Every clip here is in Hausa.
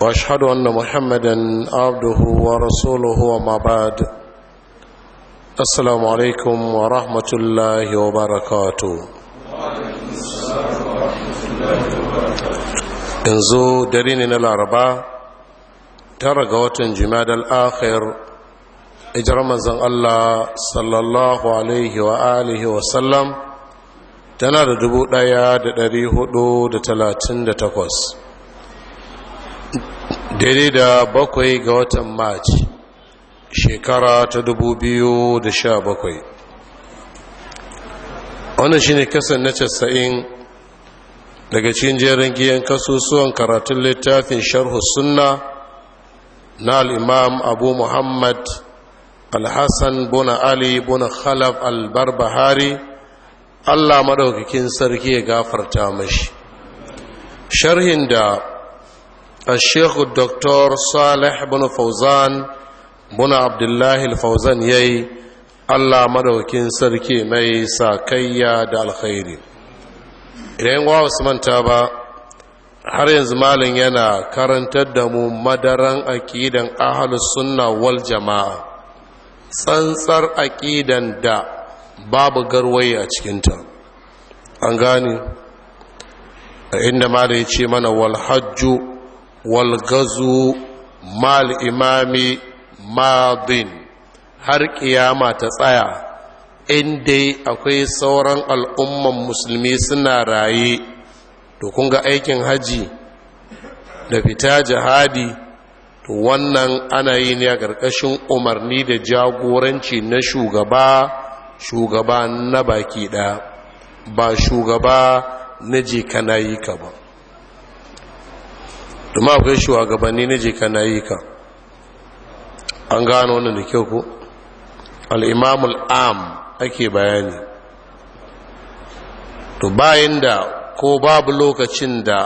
واشهد ان محمدا عبده ورسوله وما بعد السلام عليكم ورحمه الله وبركاته yanzu dare ne na laraba tara ga watan jimadal akhir ijar manzan allah sallallahu alaihi wa alihi wa sallam tana da dubu ɗaya da dari hudu da talatin da takwas daidai da bakwai ga watan march shekara ta dubu biyu da sha bakwai. wannan shi ne kasan na casa'in daga cikin jerin giyan kasusuwan karatun littafin sharhu sunna na al'imam abu muhammad alhassan buna ali buna khalaf albarbahari allah maɗaukakin sarki ya gafarta mashi sharhin da الشيخ الدكتور صالح بن فوزان بن عبد الله الفوزان يي الله مدوكين سركي مي ساكيا دا الخير idan wa manta ba har yanzu malam yana karantar da mu madaran aqidan ahlus sunna wal jamaa tsantsar aƙidan da babu garwaye a cikinta an gane a inda malin ya ce mana wal hajju walgazu mal imami madin har kiyama ta tsaya in dai akwai sauran al'umman musulmi suna raye to kun ga aikin haji da fita jihadi to wannan ana yi ne a ƙarƙashin umarni da jagoranci na shugaba shugaba na baki ɗaya ba shugaba na je ka ba domin akwai shugabanni na jika na yi ka an gano wani da kyau ku al'imamul am ake bayani to bayan da ko babu lokacin da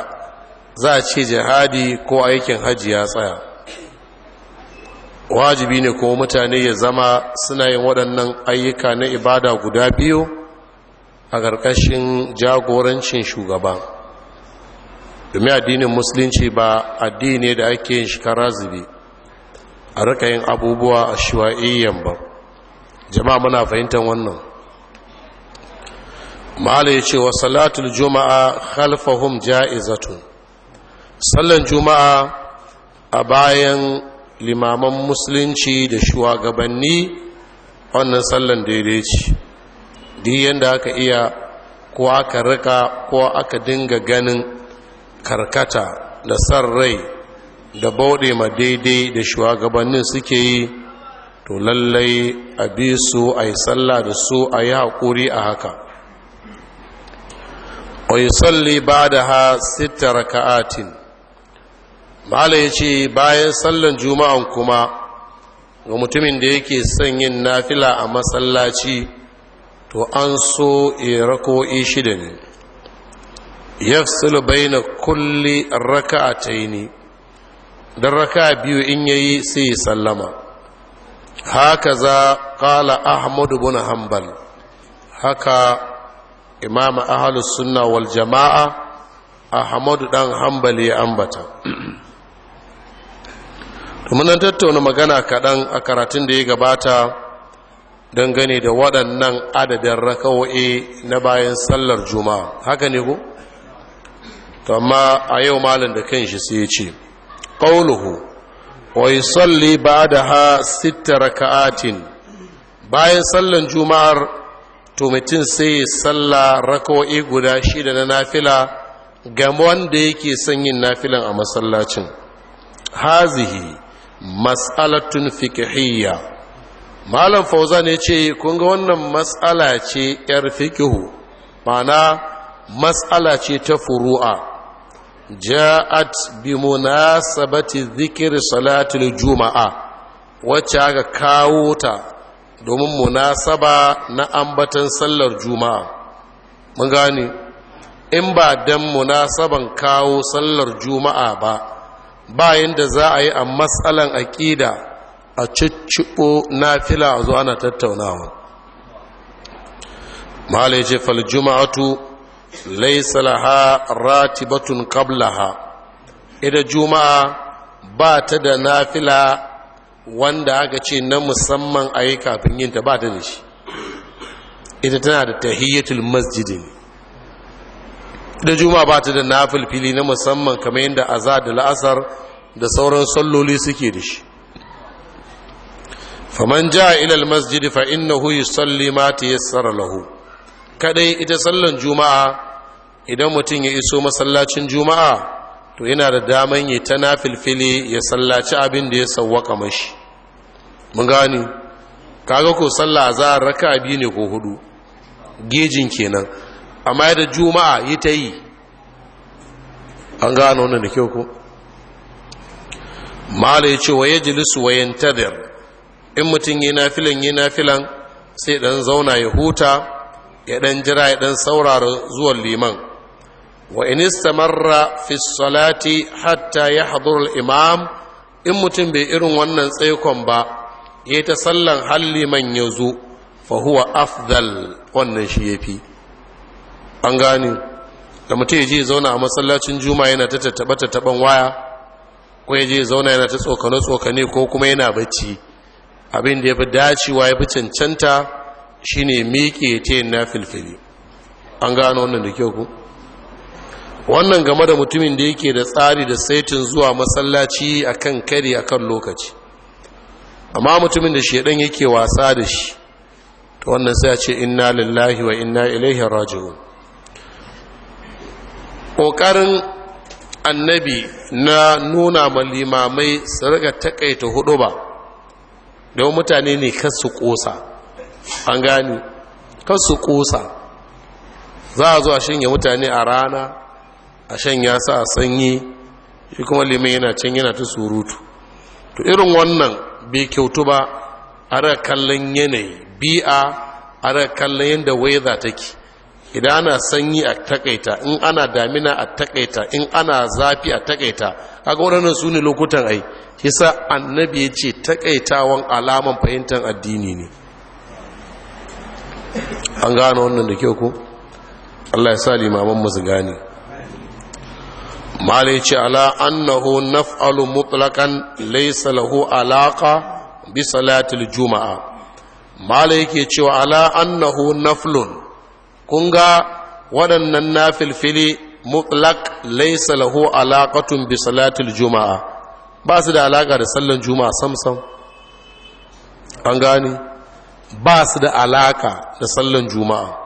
za a ce jihadi ko aikin hajji ya tsaya wajibi ne ko mutane ya zama suna yin waɗannan ayyuka na ibada guda biyu a ƙarƙashin jagorancin shugaba domin addinin musulunci ba addini da ake yin shekara zube a rika abubuwa a shiwa'iyyan ba jama'a muna fahimtar wannan ma'ala ya ce wa salatul juma'a khalfahum jaizatu sallan juma'a a bayan limaman musulunci da shugabanni wannan sallan daidai ce duk yadda aka iya ko aka rika ko aka dinga ganin karkata da san rai da bauɗe ma daidai da shugabannin suke yi to lallai a bi su a yi sallah da su a yi haƙuri a haka da ha ست raka'atin malai ya ce bayan sallan juma'an kuma ga mutumin da yake son yin nafila a masallaci to an so rako'i shida ne yafsul baina kulli raka'ataini dan raka'a biyu in yayi sai ya sallama hakaza qala ahmad ibn hanbal haka imam ahlus sunna wal jamaa ahmadu dan hambal ya ambata to tattauna magana kaɗan a karatun da ya gabata dangane da waɗannan adadin raka'o'i na bayan sallar juma'a haka ne ko to amma a yau malam da kan shi sai ya ce qauluhu wa yusalli ba'daha sita raka'atin bayan sallan juma'ar to mutum sai ya salla raka'o'i guda shida na nafila ga wanda yake son yin nafilan a masallacin hazihi mas'alatun fiqhiyya malam fauzan ya ce kun ga wannan mas'ala ce yar fiqhu mana mas'ala ce ta furu'a ja'at bi munasabati dhikr salatul juma'a wacce aka kawo ta domin munasaba na ambatan sallar juma'a mun gane in ba dan munasaban kawo sallar juma'a ba bayan da za a yi a matsalan aƙida a cicciɓo nafila a ana tattaunawa malai ce fal juma'atu laisa laha ratibatun qablaha ida juma'a ba ta da nafila wanda aka ce na musamman a yi kafin yinta ba ta da shi ita tana da tahiyyatul masjidi ne da juma'a ba ta da nafil fili na musamman kamar yadda aza da la'asar da sauran salloli suke da shi faman ja ilal masjidi fa innahu yusalli ma tayassara lahu kadai ita sallan juma'a idan mutum ya iso masallacin juma'a to yana da daman yi ta nafilfili ya sallaci abin da ya sawwaka mashi mun gani kaga ko sallah za raka biyu ne ko hudu gejin kenan amma da juma'a yi ta yi an gano wannan da kyau ko mala yace wa yajlisu wa yantadhir in mutum yana filan yana filan sai dan zauna ya huta ya ɗan jira ya ɗan saurara zuwan liman wa in istamarra fi salati hatta ya hadurul imam in mutum bai irin wannan tsaikon ba ya ta sallan har liman ya zo fa huwa afdal wannan shi ya fi an gani da mutum ya zauna a masallacin juma'a yana ta taɓa-taɓan waya ko ya je zauna yana ta tsokane-tsokane ko kuma yana bacci abin da ya fi dacewa ya fi cancanta shine miƙe ta yin filfili an gano wannan da kyau ku wannan game da mutumin da yake da tsari da saitin zuwa masallaci akan kari akan lokaci amma mutumin da shaidan yake wasa da shi ta wannan sai a ce inna lillahi wa inna ilaihi raji'un Ƙoƙarin annabi na nuna ma limamai su riga takaita hudu ba don mutane ne kasu ƙosa. an gane kan su kosa za a zo a shanye mutane a rana a shanya sa a sanyi shi kuma liman yana can yana ta surutu to irin wannan bai kyautu ba a da kallon yanayi bi'a a da kallon yadda waiza take idan ana sanyi a takaita in ana damina a takaita in ana zafi a takaita ga waɗannan su ne lokutan ai kisa annabi ya ce takaitawan alaman fahimtar addini ne an gano wannan da kyau ko Allah ya sa limaman su gane mala ce ala annahu naf'alu mutlaqan laysa lahu alaqa bi salatil juma'a mala yake cewa ala annahu naflun kun ga waɗannan nafilfili mutlaq laysa lahu alaqatun bi salatil juma'a ba su da alaka da sallan juma'a samsam an gane ba su da alaka da sallan juma'a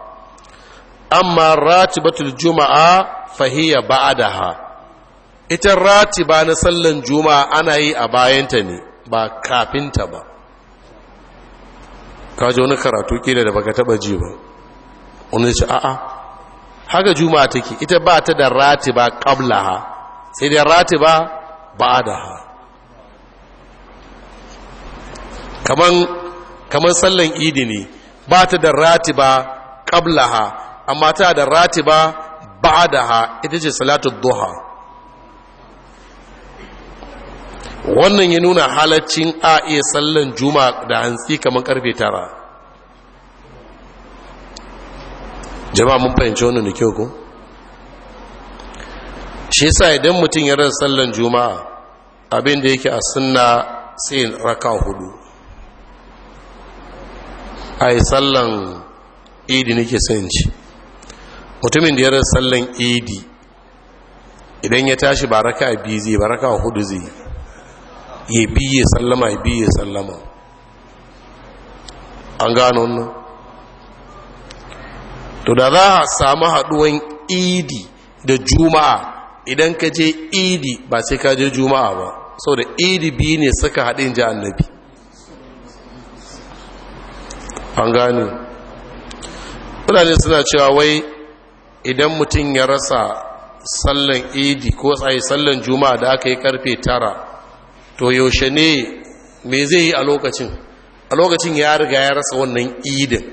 amma ratibatul juma'a da ha. ita ratiba na sallan juma'a ana yi a bayanta ne ba kafinta ba ka ji wani karatu kila da baka taba ji ba wani ce a'a haka juma'a take ita ba ta da ratiba ha sai dai ratiba ha. kaman kamar sallan idi ne ba ta da rati ba qablaha amma ta da rati ratiba ha ita ce salatu duha wannan ya nuna halaccin a iya sallan juma da hantsi kamar karfe tara jama'a mun fahimci wannan da kyau shi sa idan mutum ya rasa sallan juma'a abin da yake a sunna sai raka hudu hay sallan iidi ni ke senci mutumin da yara sallan iidi idan ya tashi ba raka a biyu zai ba raka a hudu zai ya biye sallama ya biye sallama an gano nan to da za a samu haduwan idi da juma'a idan ka je idi ba sai ka je juma'a ba saboda idi biyu ne suka haɗin ji annabi an gane mutane suna cewa wai idan mutum ya rasa sallan idi ko tsaye sallan juma'a da aka yi karfe tara to yaushe ne me zai yi a lokacin a lokacin ya riga ya rasa wannan idin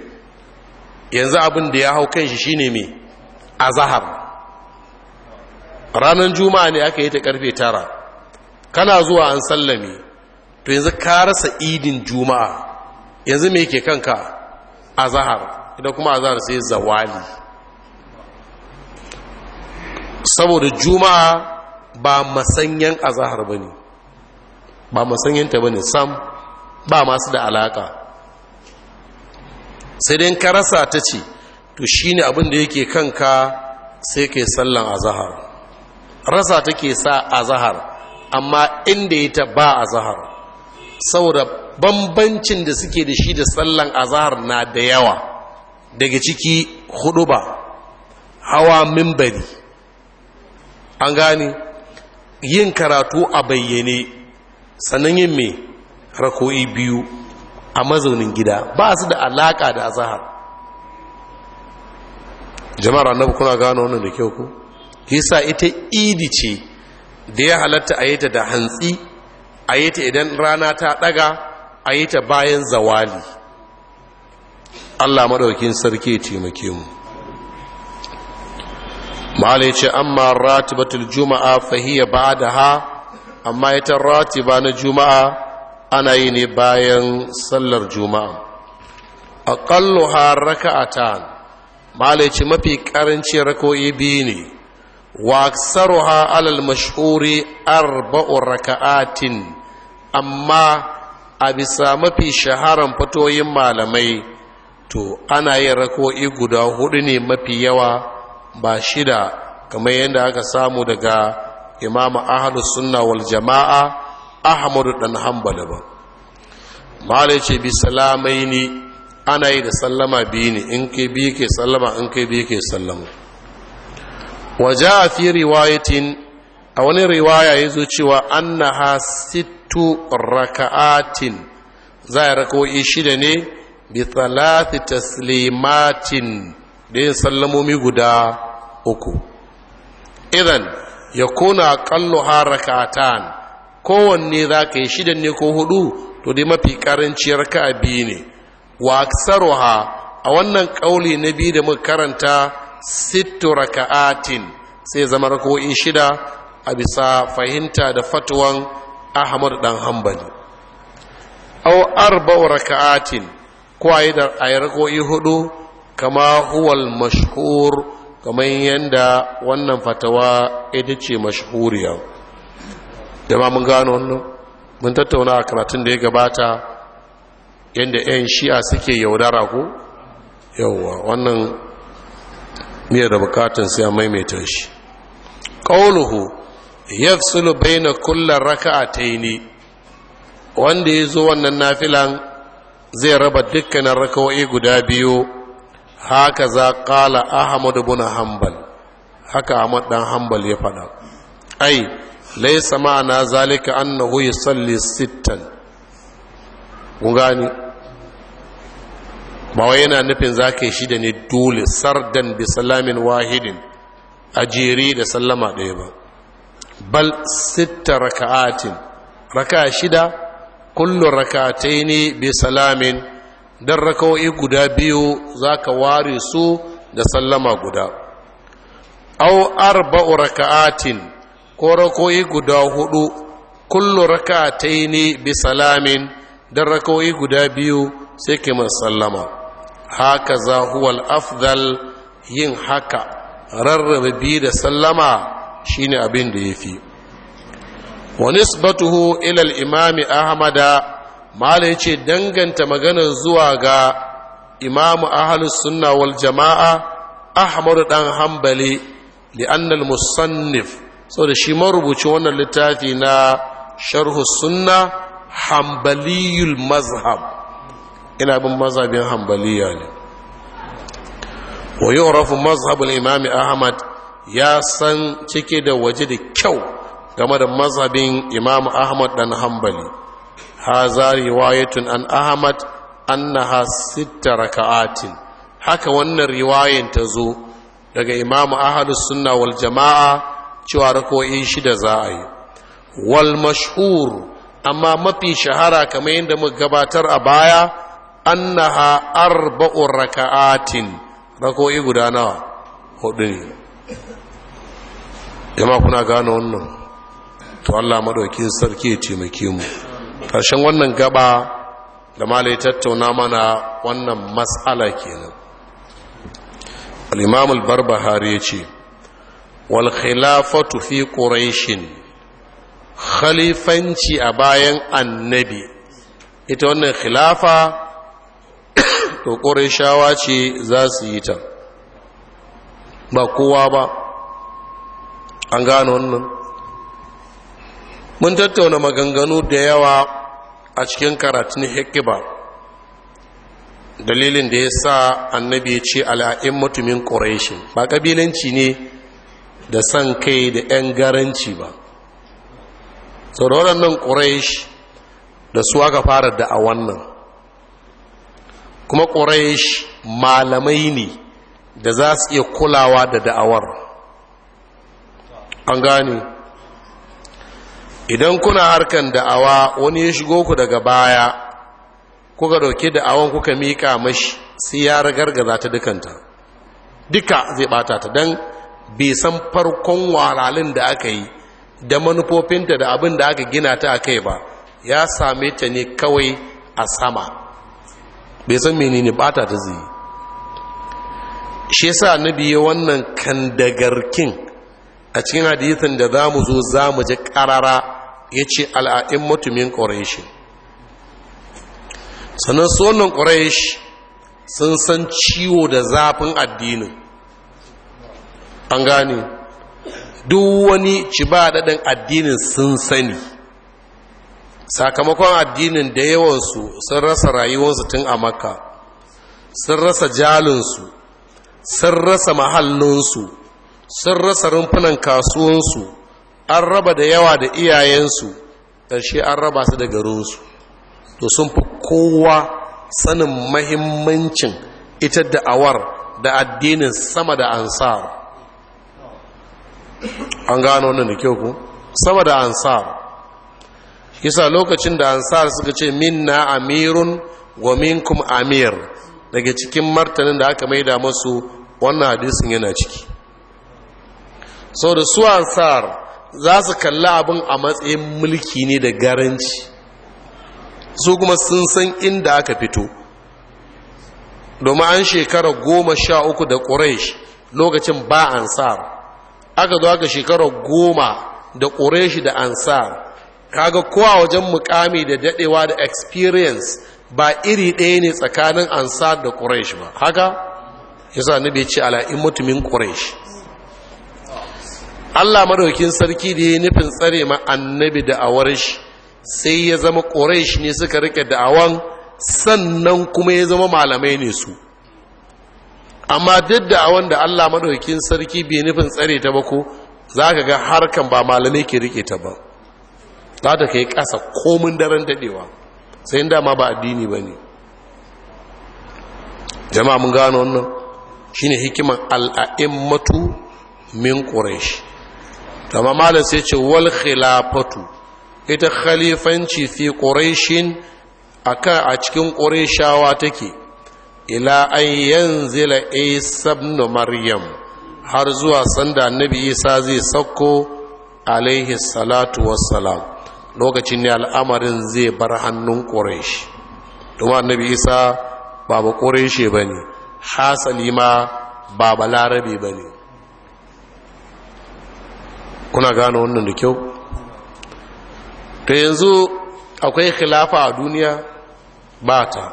yanzu abin da ya hau kan shi shine a zahar ranar juma'a ne aka yi ta karfe tara kana zuwa an sallame to yanzu ka rasa idin juma'a yanzu me ke kanka a zahar idan kuma a zahar sai zawali saboda juma'a ba masanyan zahar ba ne ba masanyanta ba ne sam ba masu da alaka sai dai karasa ta ce to shi ne da yake kanka sai kai sallan a zahar rasa take sa a zahar amma inda ta ba a zahar saboda bambancin da suke da shi da sallan azahar na da yawa daga ciki hudu ba hawa mimbari an gane yin karatu a bayyane sannan yin mai rako'i biyu a mazaunin gida ba su da alaka da azahar jama'ar annabu kuna gano wannan da kyau ku yasa ita idi ce da ya halatta a yi ta da hantsi a yi ta idan rana ta daga a yi ta bayan zawali allah maɗaukin sarki taimake mu malai ce amma ratibatul juma'a fahiyya ba da ha amma ita ratiba na juma'a ana yi ne bayan sallar juma'a aƙalluha raka'atan ta. ce mafi ƙaranci rako'i biyu ne wa ha alal mashhuri arba'u raka'atin amma a bisa mafi shaharan fatoyin malamai to ana yin rako'i guda hudu ne mafi yawa ba shida kamar yadda aka samu daga imamu ahalus sunna wal jama'a ahmadu dan hanbali ba malai ce bi salamai ne ana yi da sallama biyu ne in kai biyu ke sallama in kai biyu ke sallama waje a fi riwayatin a wani riwaya ya zo cewa annaha sittu raka'atin za a raka'o'i shida ne bi talati taslimatin da yin sallamomi guda uku idan ya kuna kallo ha raka'atan kowanne za ka yi shida ne ko hudu to dai mafi karanci a biyu ne wa ha a wannan kauli na biyu da muka karanta sittu raka'atin sai zama rako'in shida a bisa fahimta da fatuwan ahmad dan hambali au arba'u raka'atin ko ayi da ayi hudu kama huwal mashhur kamar yanda wannan fatawa ita ce mashhuriya jama mun gano wannan mun tattauna a karatun da ya gabata yadda yan shi'a suke yaudara ku. yawwa wannan miyar da bukatun sai a maimaita shi ƙauluhu yafsulu baina kullar raka'ataini wanda ya zo wannan nafilan zai raba dukkanin raka'o'i guda biyu haka za kala ahmad ibn hanbal haka ahmad dan hanbal ya faɗa ai laysa ma'ana zalika annahu yusalli sittan kun gani ba wai yana nufin zaka yi shida ne dole sardan bi salamin wahidin a da sallama ɗaya ba bal sitta raka'atin raka'a shida kullu raka'ataini bi salamin dan raka'o'i guda biyu zaka ware su da sallama guda aw arba'u raka'atin ko raka'o'i guda hudu kullu raka'ataini bi salamin dan raka'o'i guda biyu sai kiman sallama haka za huwal afdal yin haka rarraba biyu da sallama shine abin da ya fi wa nisbatuhu ila al-imam ahmad mala yace danganta maganar zuwa ga imamu ahlus sunna wal jamaa ahmad dan hanbali li'anna al-musannif saboda shi marubuci wannan littafi na sharhu sunna hanbaliyul mazhab ina bin mazhabin hanbaliya ne wa yu'rafu mazhabul imam ahmad ya san cike da waje da kyau game da mazhabin imam ahmad dan hanbali haza riwayatun an ahmad annaha sita raka'atin haka wannan riwayan ta zo daga imam ahlus sunna wal jama'a cewa rako'in shida za a yi wal mashhur amma mafi shahara kamar yadda muka gabatar a baya annaha arba'u raka'atin rako'i guda nawa hudu ne jama kuna gano wannan to Allah madaukin sarki ya taimake mu karshen wannan gaba da malai tattauna mana wannan mas'ala kenan al-imam al-barbahari yace wal khilafatu fi quraish khalifanci a bayan annabi ita wannan khilafa to quraishawa ce za su yi ta ba kowa ba an gano wannan mun tattauna maganganu da yawa a cikin karatun hikiba dalilin da ya sa annabi ya ce al'a'in mutumin ƙorashi ba ƙabilanci ne da san kai da 'yan garanci ba sau da waɗannan da su aka fara da a wannan kuma ƙorashi malamai ne da za su iya kulawa da da'awar an gane idan kuna harkan da'awa wani ya shigo ku daga baya kuka dauki da'awan kuka mika mashi sai ya ragargaza ta dukanta duka zai bata ta don bai san farkon walalin da aka yi da manufofinta da abin da aka gina ta a kai ba ya same ta ne kawai a sama bai san menene bata ta zai shi sa nabi wannan kandagarkin a cikin hadithin da za mu zo za mu ji ƙarara ya ce al'a'in mutumin ƙorashi sannan sonin ƙorashi sun san ciwo da zafin addinin an gane duk wani ci ba daɗin addinin sun sani sakamakon addinin da yawansu sun rasa rayuwarsu tun a makka sun rasa jalinsu sun rasa mahallinsu sun rasa rumfunan kasuwansu an raba da yawa da iyayensu ƙarshe an raba su da garinsu to sun fi kowa sanin mahimmancin ita da awar, da addinin sama da ansar an gano wannan da kyau ku sama da ansar yasa lokacin da ansar suka ce minna amirun wa minkum amir daga cikin martanin da aka maida masu wannan hadisin yana ciki sau da su ansar za su kalli abin a matsayin mulki ne da garanci su kuma sun san inda aka fito domin an shekara goma sha uku da ƙuraish lokacin ba ansar aka zo aka shekara goma da ƙurashi da ansar kaga kowa wajen mukami da dadewa da experience ba iri ɗaya ne tsakanin ansar da ƙuraish ba haka yasa nabi ce ala in mutumin ƙuraish Allah madaukin sarki da ya nufin tsare ma annabi da awar sai ya zama quraish ne suka rike da'awan sannan kuma ya zama malamai ne su amma duk awan da Allah madaukin sarki bai nufin tsare ta ba ko zaka ga harkan ba malamai ke rike ta ba za ta kai ƙasa komin daren daɗewa sai inda ma ba addini ba jama'a mun gano wannan shine hikiman al'a'immatu min quraish amma malam sai ce wal khilafatu ita khalifanci fi quraishin kan a cikin qurayshawa take ila an yanzila isa ibn maryam har zuwa sanda annabi isa zai sauko alaihi salatu wassalam lokacin ne al'amarin zai bar hannun quraish kuma annabi isa ba ba quraishi bane hasali ma ba ba bane kuna gano wannan da kyau ta yanzu akwai khilafa a duniya ba ta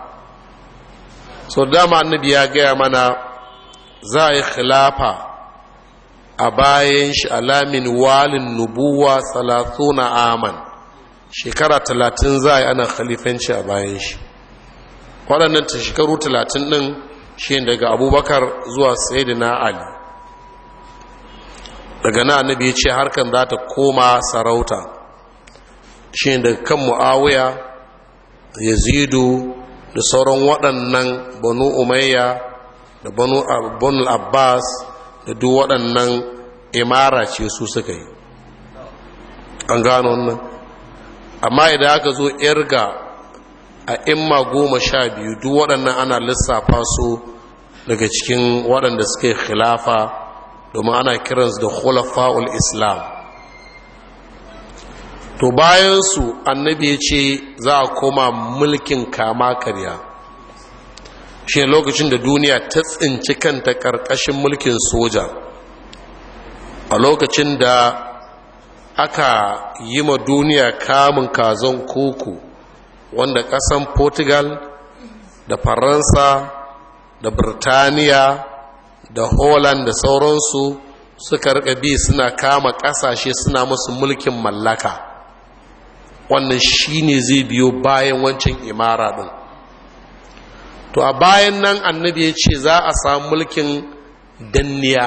so dama annabi ya gaya mana za a yi khilafa a bayan shi alamin walin nubuwa salatu na aman shekara talatin za a yi ana khalifanci a bayan shi waɗannan ta shekaru talatin ɗin shi daga abubakar zuwa na ali daga na annabi ya ce harkan za ta koma sarauta shi daga kan mu'awiya yazidu da sauran waɗannan banu umayya da banu abbas da duk waɗannan imara ce su suka yi an gano wannan amma idan aka zo irga a imma goma sha biyu duk waɗannan ana lissafa su daga cikin waɗanda suka yi khilafa domin ana kiransu da khulafa'ul islam to bayan su annabi ya ce za a koma mulkin kama karya shi lokacin da duniya ta tsinci kanta karkashin mulkin soja a lokacin da aka yi ma duniya kamun kazon koko wanda kasan portugal da faransa da birtaniya da holland da sauransu suka rika bi suna kama kasashe suna musu mulkin mallaka wannan shine zai biyo bayan wancan imara din to a bayan nan annabi ya ce za a samu mulkin danniya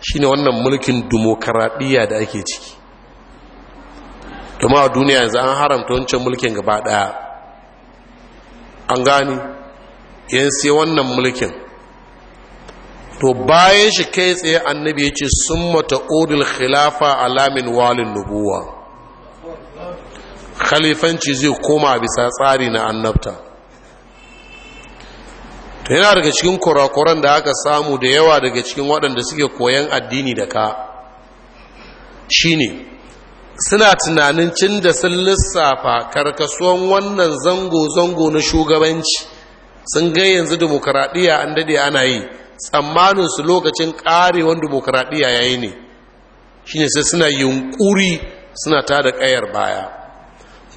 shine wannan mulkin dimokuraɗiyya da ake ciki domin a duniya yanzu an haramta wancan mulkin gaba ɗaya an gani yan wannan mulkin to bayan shi kai tsaye annabi ya ce sun mata odil khilafa alamin walin nubuwa khalifanci zai koma bisa tsari na annabta to yana daga cikin kurakuran da aka samu da yawa daga cikin waɗanda suke koyan addini da ka shine suna tunanin cin da sun lissafa karkasuwan wannan zango-zango na shugabanci sun ga yanzu dimokuraɗiyya an dade ana yi Tsammanin su lokacin ƙarewan ya yayi ne shi ne sai suna yunkuri suna ta da ƙayar baya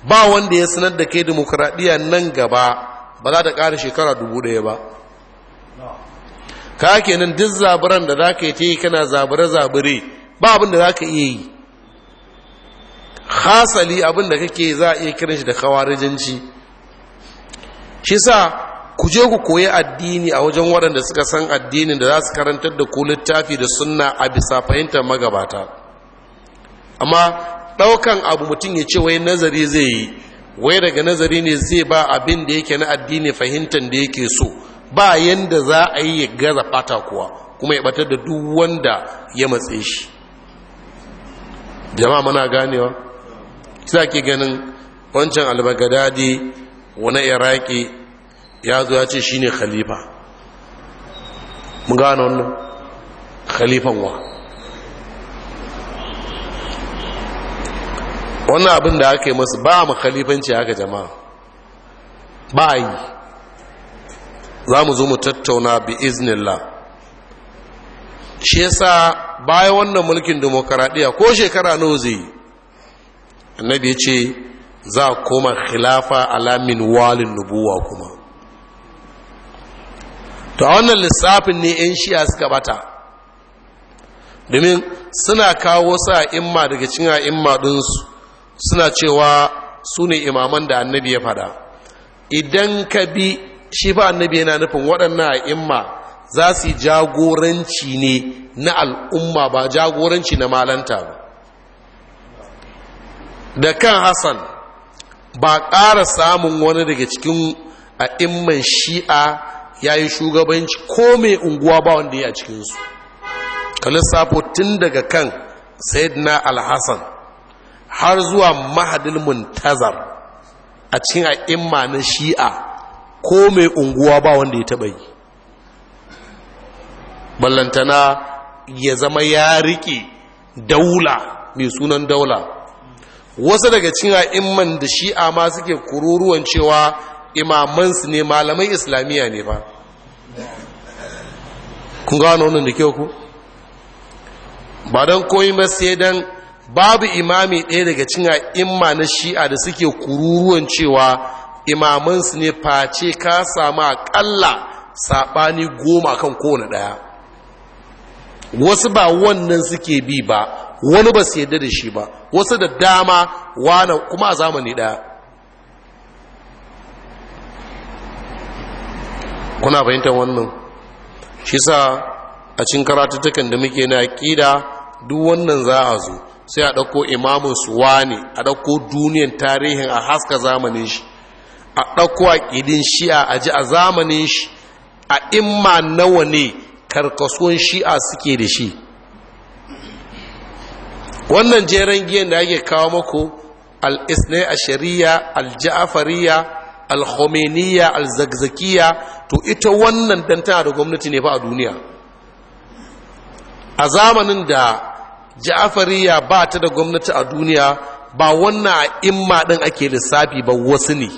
ba wanda ya sanar da ke dimokuraɗiyya nan gaba ba za ta ƙara shekara dubu ɗaya ba ka nan duk zaburan da za ka yi ta yi kana zabure-zabure ba abin da za ka iya yi hasali abin da kake za a iya kiran shi da kawarijinci shi sa ku je ku koyi addini a wajen waɗanda suka san addinin da za su karantar da ku littafi da sunna a bisa fahimtar magabata amma ɗaukan abu mutum ya ce wai nazari zai yi wai daga nazari ne zai ba abin da yake na addini fahimtar da yake so ba yanda za a yi ya gaza ɓata kuwa kuma ya ɓatar da duk wanda ya matse shi jama'a muna ganewa sa ke ganin wancan albagadadi wani iraki ya zo ya ce shi ne khalifa mu gane wannan khalifan wa wannan abin da aka yi masu ba mu khalifanci haka jama'a ba yi za mu zo mu tattauna bi iznillah shi yasa bayan wannan mulkin demokaradiyya ko shekara nawa zai annabi ya ce za a koma khilafa alamin walin nubuwa kuma to a wannan lissafin ne 'yan shiya suka bata domin suna kawo sa imma daga cin imma dinsu suna cewa su ne imaman da annabi ya fada idan ka bi shi ba annabi yana nufin waɗannan a imma za su yi jagoranci ne na al'umma ba jagoranci na malanta ba da kan hassan ba ƙara samun wani daga cikin a imman shi'a ya yi shugabanci ko mai unguwa ba wanda ya cikinsu ka lissafo tun daga kan Said na alhassan har zuwa mahadin muntazar a cikin a'imma na shi'a ko mai unguwa ba wanda ya taɓa yi ballantana ya zama ya riƙe daula mai sunan daula wasu daga cikin a'imman da shi'a ma suke kururuwan cewa imamansu ne malamai islamiyya ne ba kun gano wannan da kyau ku ba don koyi ba sai don babu imami ɗaya daga cikin imma na shi'a da suke kururuwan cewa imamansu ne face ka samu akalla saɓani goma kan kowane ɗaya wasu ba wannan suke bi ba wani ba su yadda da shi ba wasu da dama wane kuma a zamani ɗaya kuna fahimtar wannan shi sa a cin karatuttukan da muke na aƙida duk wannan za a zo sai a ɗauko imamun suwani a ɗauko duniyan tarihin a haska zamanin shi a ɗauko aƙidin shi'a a ji a zamanin shi a imma nawa ne karkasuwan shi'a suke da shi wannan jeren giyan da ake kawo mako al-isnai a shari'a al-ja'afariya al alzagzakiya to ita wannan dan tana da gwamnati ne fa a duniya a zamanin da ja'afariya ba ta da gwamnati a duniya ba wannan a imma din ake lissafi ba wasu ne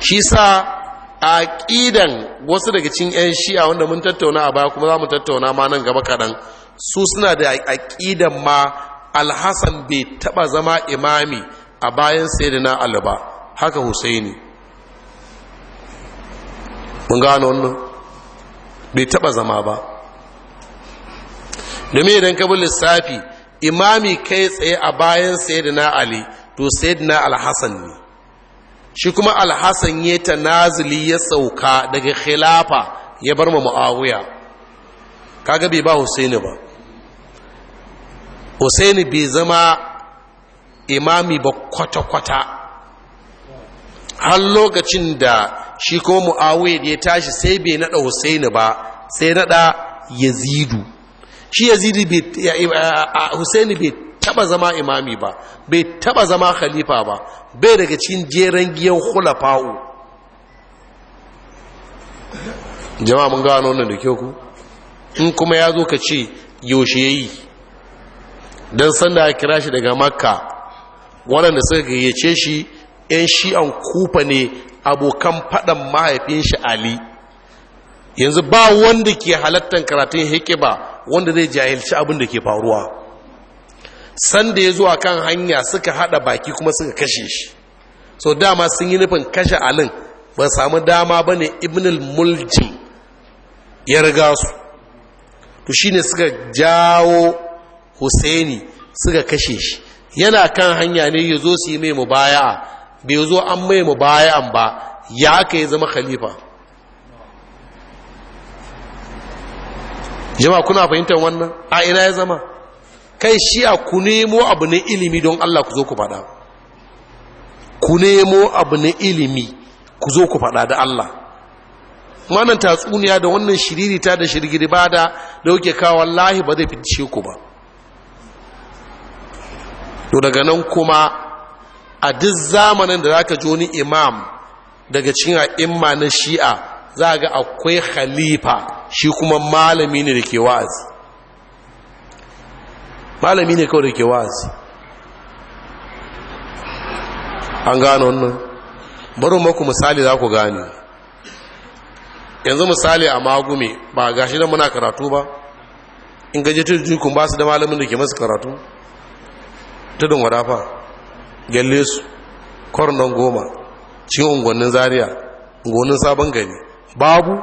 shi sa aƙidan wasu daga cikin 'yan shi'a wanda mun tattauna a baya kuma za mu tattauna ma nan gaba kaɗan su suna da a ƙidan ma alhassan bai taɓa zama imami a bayan sayyidina ali ba haka husaini mun gano wannan bai taba zama ba domin idan ka bi lissafi imami kai tsaye a bayan sayyidina ali to sayyidina alhassan ne shi kuma alhassan ya ta nazili ya sauka daga khilafa ya bar ma mu'awiya kaga bai ba husaini ba husaini bai zama imami ba kwata-kwata har lokacin da shi ko mu'awiyar ya tashi sai bai naɗa husaini ba sai naɗa yazidu shi yazidu husaini bai taba zama imami ba bai taba zama khalifa ba bai daga cikin jeren giyan khulafa'u jama'a mun gano wannan da kyau ku in kuma ya zo ka ce yaushe yi? Don sanda ya kira shi daga makka waɗanda suka gayyace shi 'yan shi'an kufa ne abokan faɗan mahaifin shi ali yanzu ba wanda ke halattar karatun hikiba wanda zai jahilci abin da ke faruwa sanda ya zuwa kan hanya suka haɗa baki kuma suka kashe shi so dama sun yi nufin kashe alin ba samu dama ba ne ibnul mulji ya riga su to shi ne suka jawo husaini suka kashe shi yana kan hanya ne ya zo su yi mai mubaya'a bai zo an mai mubaya'an ba ya aka yi zama khalifa jama'a kuna fahimtar wannan a ina ya zama kai shi a ku nemo abu na ilimi don Allah ku zo ku faɗa ku nemo abu na ilimi ku zo ku faɗa da Allah manan tatsuniya da wannan shiririta da ba da da kuke kawo wallahi ba zai fice ku ba to daga nan kuma a duk zamanin da zaka ji wani imam daga cikin a'imma na shi'a za ga akwai khalifa shi kuma malami ne da ke wa'azi malami ne kawai da ke wa'azi an gano wannan barin maku misali za ku gane yanzu misali a magume ba gashi da muna karatu ba in gajetar jikun ba su da malamin da ke masu karatu tudun wadafa gyalle su kornon goma ciwon gwanin Zariya, unguwannin sabon gani, babu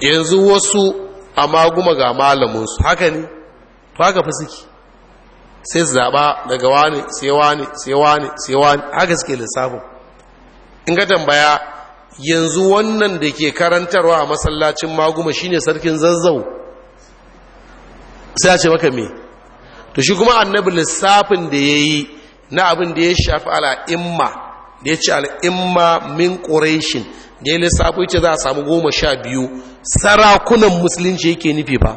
yanzu wasu a maguma ga malaminsu haka ne to haka fi suke sai su zaɓa daga wani sai wani sai wani sai wani haka suke lissafin in ka tambaya yanzu wannan da ke karantarwa a masallacin maguma shine sarkin zazzau sai a ce maka me to shi kuma annabi lissafin da ya yi na abin da ya shafi al'imma da ya ce al'imma min ƙorashin da ya lissafi ita za a samu goma sha biyu sarakunan musulunci yake nufi ba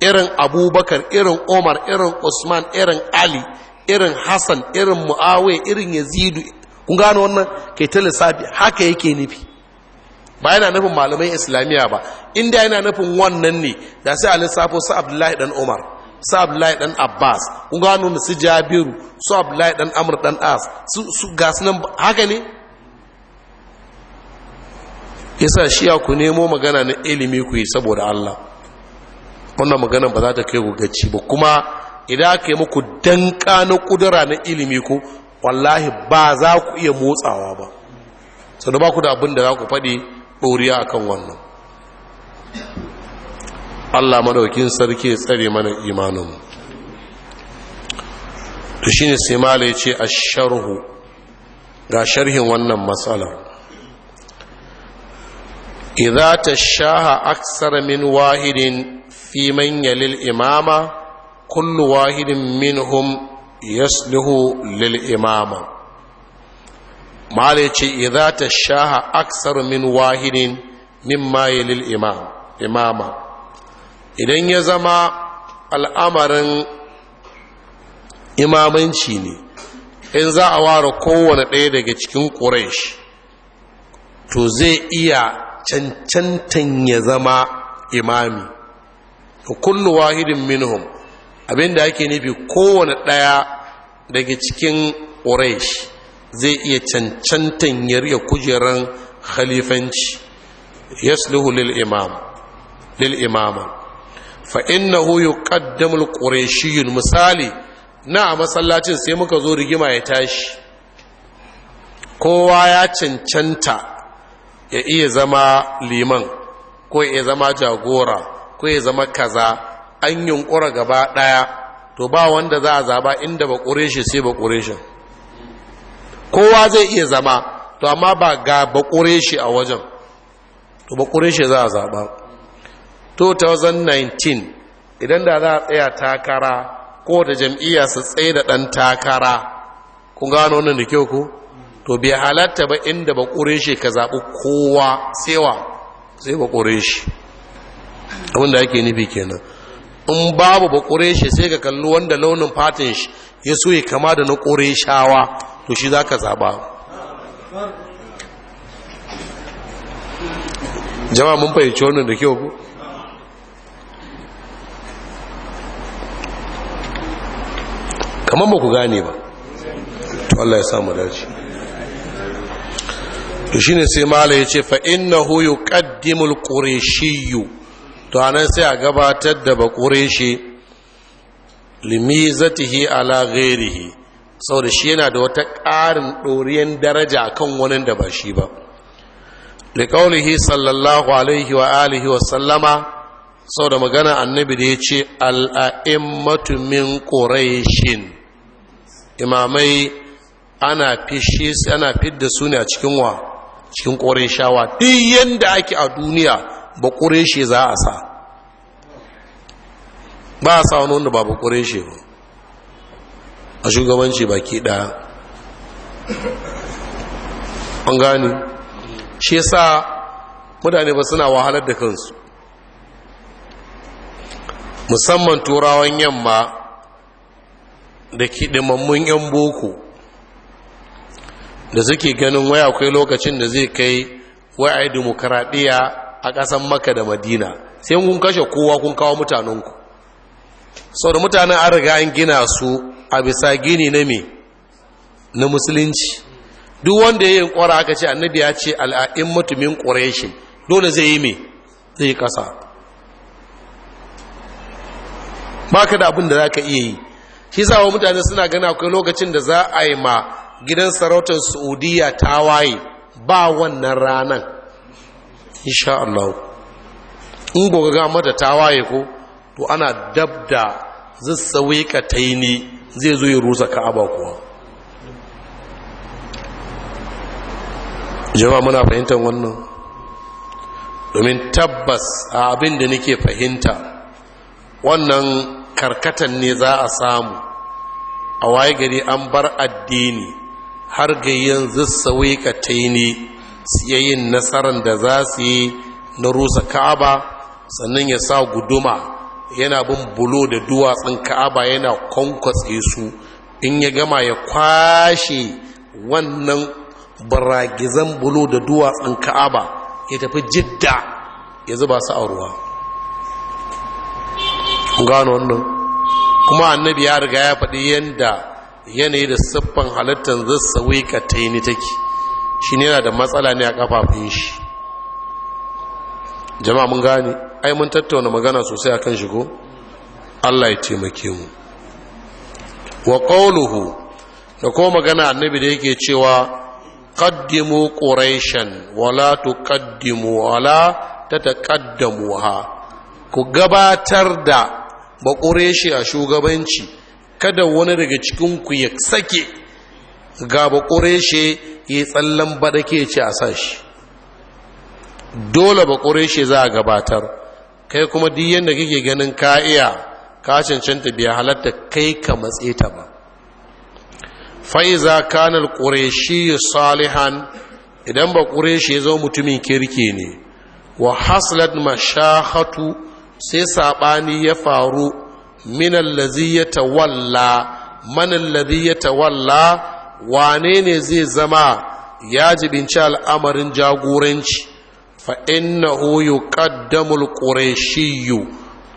irin abubakar irin omar irin usman irin ali irin hassan irin mu'awe irin yazidu kun gano wannan ke ta lissafi haka yake nufi ba yana nufin malamai islamiyya ba inda yana nufin wannan ne da sai a lissafo su abdullahi dan umar su abdullahi dan abbas kun gano su jabiru su abdullahi dan amr dan as su su gasu nan haka ne yasa shiya ku nemo magana na ilimi ku yi saboda Allah wannan magana ba za ta kai ku gaci ba kuma idan aka yi muku danka na kudura na ilimi ku wallahi ba za ku iya motsawa ba sannan ba ku da abin da za ku faɗi ɗoriya akan wannan Allah madaukin sarki ya tsare mana imaninmu to shine sai malai ce asharhu ga sharhin wannan matsalar idza tashaha aksar min wahidin fi man yalil imama kullu wahidin minhum yasluhu lil imama malai ce idza tashaha aksar min wahidin mimma yalil imama idan ya zama al'amarin imamanci ne in za a ware kowane ɗaya daga cikin ƙuraish to zai iya cancantan ya zama imami kullu wahidin minhum abinda ake nufi kowane ɗaya daga cikin ƙuraish zai iya cancantan ya riya kujeran khalifanci yasluhu lil imam lil imama fa innahu yuqaddamul qurayshiyun misali na a masallacin sai muka zo rigima ya tashi kowa ya cancanta ya iya zama liman ko ya zama jagora ko ya zama kaza an yunkura gaba daya to ba wanda za a zaba inda ba ƙureshi sai ba ƙureshin kowa zai iya zama to amma ba ga ba ƙureshi a wajen to ba ƙureshi za a zaba 2019 idan da za a tsaya takara ko da jam'iyya su tsaye da ɗan takara kun gano nan da kyau ku to bai halatta ba inda ba ƙure shi ka zaɓi kowa tsewa sai ba ƙure shi abinda ake nufi kenan in babu ba ƙure shi sai ka kalli wanda launin fatin shi ya so ya kama da na ƙure shawa to shi za ka zaɓa jama'a mun fahimci wannan da kyau ku kamar ba ku gane ba to Allah ya samu dace to shine sai malai yace fa innahu yuqaddimul qurashiyyu to anan sai a gabatar da bakureshi limizatihi ala ghairihi saboda shi yana da wata ƙarin ɗoriyan daraja kan wani da ba shi ba liƙaunihi sallallahu alaihi wa alihi wa sallama sau da magana annabi da ya ce al'a'immatu min ƙorashin imamai ana fid ana fidda su ne a cikin wa cikin ƙorishawa duk yadda ake a duniya ba ƙorishe za a sa ba a sa wani wanda ba ba ƙorishe ba a shugabanci baki ɗaya an gani shi sa mutane ba suna wahalar da kansu musamman turawan yamma da kidimammun 'yan boko da suke ganin waya akwai lokacin da zai kai waya demokaradiyya a ƙasan maka da madina sai kun kashe kowa kun kawo mutanenku sau da mutanen an riga an gina su a bisa gini na me na musulunci duk wanda ya yi kwara aka ce annabi ya ce al'a'in mutumin ƙwarashi dole zai yi me zai yi ƙasa ba ka da abin da za ka iya yi kisa wa mutane suna gana akwai lokacin da za a yi ma gidan sarautar saudiya ta waye ba wannan ranan insha Allah in goga gama mata ta waye ko to ana dab da zissawai ka taini zai zo yi rusa ka'aba kuwa jama'a muna fahimtar wannan domin tabbas a abin da nake fahimta wannan karkatan ne za a samu a waye gari an bar addini har ga yanzu sauyi ka taini siyayin nasarar da za su yi na rusa ka'aba sannan ya sa guduma yana bin bulo da duwatsun ka'aba yana kwankwatse su in ya gama ya kwashe wannan baragizan bulo da duwatsun ka'aba ya tafi jidda ya zuba su a ruwa gano wannan kuma annabi ya riga ya faɗi yadda yanayi da siffan halittar zassawi ka taini take shi ne yana da matsala ne a kafafun shi jama'a mun gane ai mun tattauna magana sosai a kan shi allah ya taimake mu wa ƙauluhu da kuma magana annabi da yake cewa kaddimu quraishan wala kaddimu wala ta tataqaddamuha ku gabatar da ba shi a shugabanci kada wani daga cikinku ya sake ga ba shi ya tsallan baɗake ci a sashi dole ba shi za a gabatar kai kuma duk yadda kake ganin ka'iya, iya ka cancanta biya halatta kai ka matse ta ba fa'iza kanar ƙureshi salihan idan ba shi ya zo mutumin kirki ne wa haslat mashahatu sai saɓani ya faru minallazi ya tawalla manan ya tawalla wane ne zai zama ya jibinci al'amarin jagoranci fa'inna oyo ƙureshiyu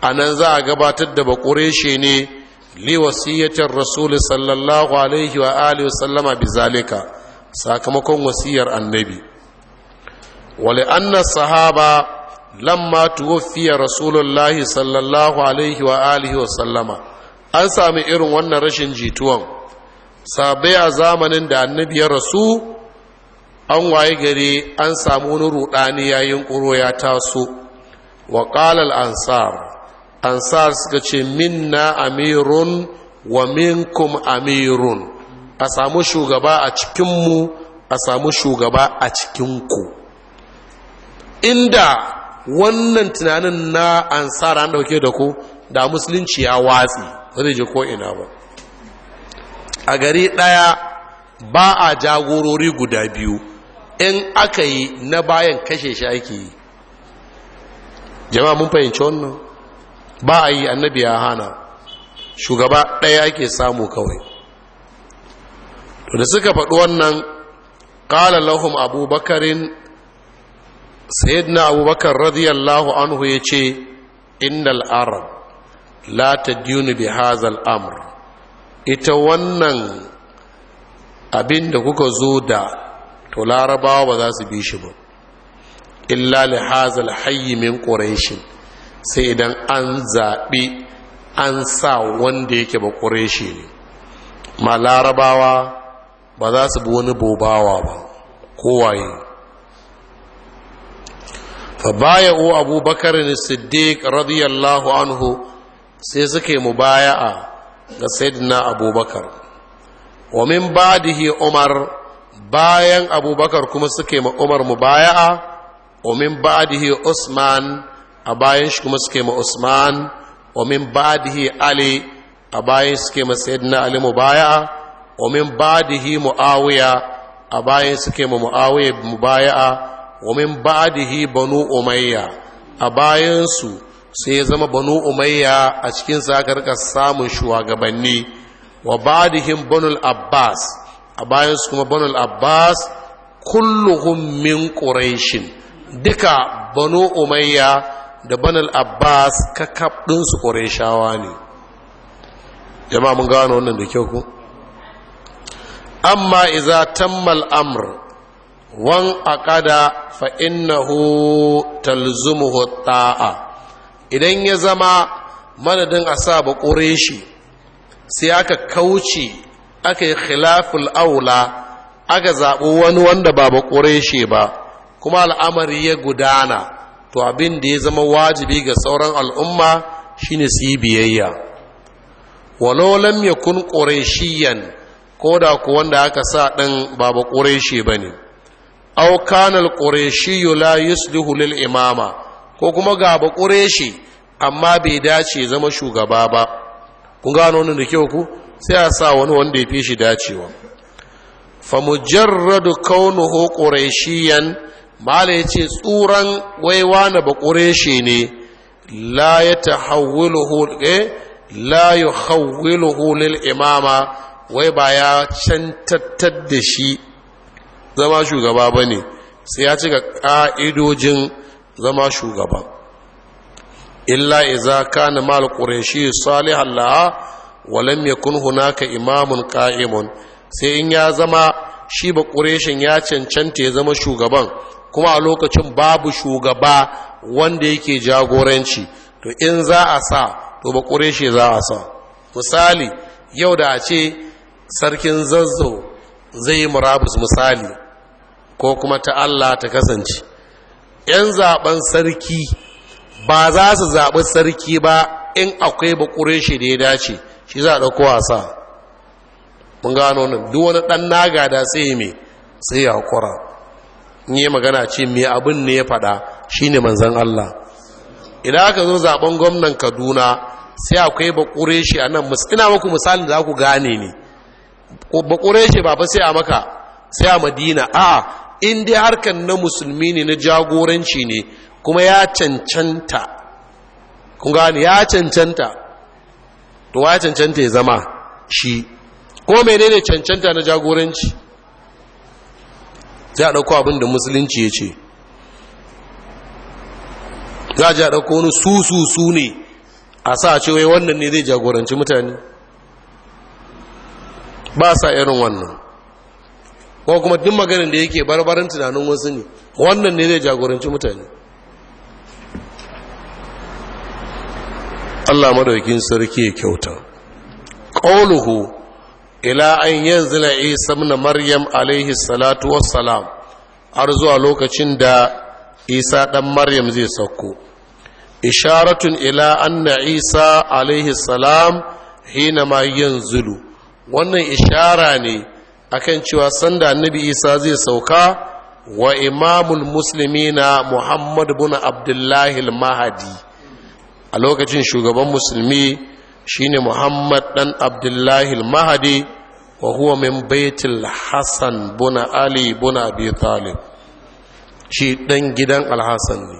a nan za a gabatar da bakureshe ne liwasiyyatar wasiyatar sallallahu alaihi wa alihi wasallama bizalika sakamakon wasiyar annabi wale annas sahaba lamma tuwaffiya rasulullahi sallallahu alaihi wa alihi wa sallama an sami irin wannan rashin jituwan sabai a zamanin da annabi ya rasu an waye gare an samu wani rudani yayin ƙuro ya taso wa ansar ansar suka ce minna amirun wa minkum amirun a samu shugaba a cikinmu a samu shugaba a cikinku inda wannan tunanin na ansara an dauke da ku da musulunci ya watsi zai je ko ina ba a gari daya ba a jagorori guda biyu in aka yi na bayan kashe shi ake yi jama'a mun fahimci wannan ba a yi annabi ya hana shugaba ɗaya ake samu kawai to da suka faɗi wannan ƙala lahum abubakarin sayyidina abubakar radiyallahu anhu ya ce innal arab la tadyunu bi hazal amr ita wannan abin da kuka zo da to larabawa ba za su bi shi ba illa li hazal hayyi min sai idan an zaɓi an sa wanda yake ba quraish ne ma larabawa ba za su bi wani bobawa ba kowaye fa baya o abubakar siddiq radiyallahu anhu sai suka yi mubaya'a ga sayyidina Bakar. wa min ba'dihi umar bayan Abu Bakar kuma suke ma umar mu mubaya'a wa min ba'dihi usman a bayan shi kuma suke ma usman wa min ba'dihi ali a bayan suke ma sayyidina ali mu mubaya'a wa min ba'dihi muawiya a bayan suka yi ma muawiya mubaya'a wa min ba'dihi banu umayya a bayansu sai ya zama banu umayya a cikin sa aka samun shugabanni wa ba'adihin banu abbas a bayansu kuma banu abbas kulluhum min quraishin duka banu umayya da banu abbas kakab din su ne mun gano wannan da kyau amma iza tammal amr wan aqada fa innahu talzumuhu ta'a idan ya zama madadin a sa ba shi sai aka kauce aka yi khilaful aula aka zaɓi wani wanda ba ba shi ba kuma al'amari ya gudana to abin da ya zama wajibi ga sauran al'umma shine su yi biyayya walau lam yakun qurayshiyyan ko da ku wanda aka sa ɗan ba ba shi ba aw kana al la yuslihu lil imama ko kuma ga ba qurayshi amma bai dace zama shugaba ba kun gano wannan da kyau ku sai a sa wani wanda ya fi shi dacewa fa mujarradu kaunuhu ƙuraishiyan, mala yace tsuran waiwa na ba qurayshi ne la yatahawwaluhu eh la yuhawwiluhu lil imama wai ba ya cantattar da shi zama shugaba ba ne sai ya cika ƙa'idojin zama shugaba illa iza kana mal quraishi salihan laha wa lam yakun hunaka imamun ƙa’imun sai in ya zama shi ba ya cancanta ya zama shugaban kuma a lokacin babu shugaba wanda yake jagoranci to in za a sa to ba za a sa misali yau da a ce sarkin zazzau zai yi murabus misali ko kuma ta Allah ta kasance ‘yan zaben sarki ba za su zaɓi sarki ba in akwai bakure shi da ya dace shi za a ɗauko wasa mun gano nan duk wani ɗan naga da sai mai sai ya haƙura yi magana ce mai abin ne ya faɗa shi ne manzan Allah idan aka zo zaben gwamnan kaduna sai akwai bakure shi a nan ina muku misalin da za ku gane ne bakure shi ba fa sai a maka sai a madina a in dai harkar na musulmi ne na jagoranci ne kuma ya cancanta kun gane ya cancanta to ya cancanta ya zama shi ko menene cancanta na jagoranci Za a ɗauko abin da musulunci ya ce za a ji a ɗauko wani su su su ne a sa ce wai wannan ne zai jagoranci mutane ba sa irin wannan ko kuma duk maganin da yake barbaran tunanin wasu ne wannan ne zai jagoranci mutane Allah madaukin sarki ya kyauta qauluhu ila an yanzila isa ibn maryam alayhi salatu wassalam har zuwa lokacin da isa dan maryam zai sauko isharatun ila anna isa alayhi salam hina ma yanzulu wannan ishara ne akan cewa sanda annabi isa zai sauka wa imamul musulmi na muhammad bin abdullahi mahadi a lokacin shugaban musulmi shine muhammad dan abdullahi mahadi wa huwa min baitul hassan bin ali bin abi talib shi dan gidan alhassan ne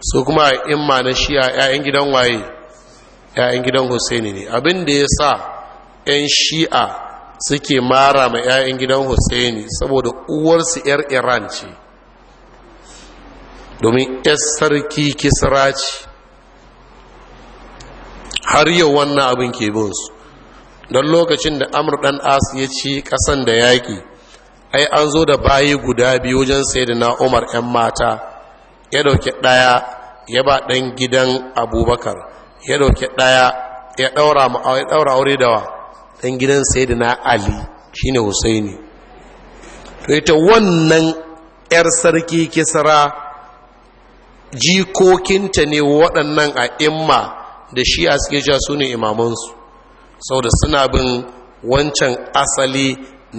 su kuma imma na a 'ya'yan gidan waye 'ya'yan gidan husaini ne abin da ya sa 'yan shi'a suke mara ma 'ya'yan gidan Hussaini saboda uwarsu 'yar iran ce domin 'yar sarki kisra ce har yau wannan abin ke binsu don lokacin da amur dan as ya ci kasan da yaƙi ai an zo da bayi guda biyu wajen sai da na'umar 'yan mata ya ɗauki ɗaya ya ba ɗan gidan abubakar ya ɗauki ɗaya ya ɗaura aure da wa ɗan gidan sai da na ali shine husaini to ita wannan 'yar sarki kisra jikokinta ne waɗannan a imma da shi a suke ja su ne imamansu da suna bin wancan asali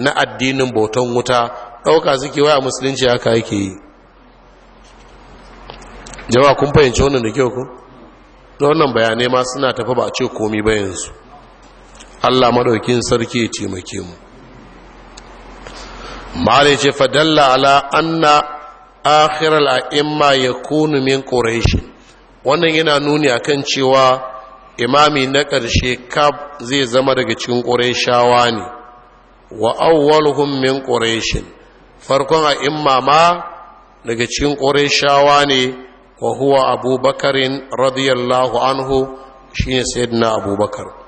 na addinin bautan wuta ɗauka suke waya musulunci haka yake yi jama'a kun fahimci wannan da kyau ku da wannan bayanai ma suna tafi ba a ce komi bayansu Allah maɗaukin sarki ya taimake mu mare ce fadalla ala anna akhiral a'imma yakunu min quraish wannan yana nuni akan cewa imami na ƙarshe kab zai zama daga cikin qurayshawa ne wa awwaluhum min quraish farkon a'imma ma daga cikin qurayshawa ne wa huwa abubakarin radiyallahu anhu shine sayyidina abubakar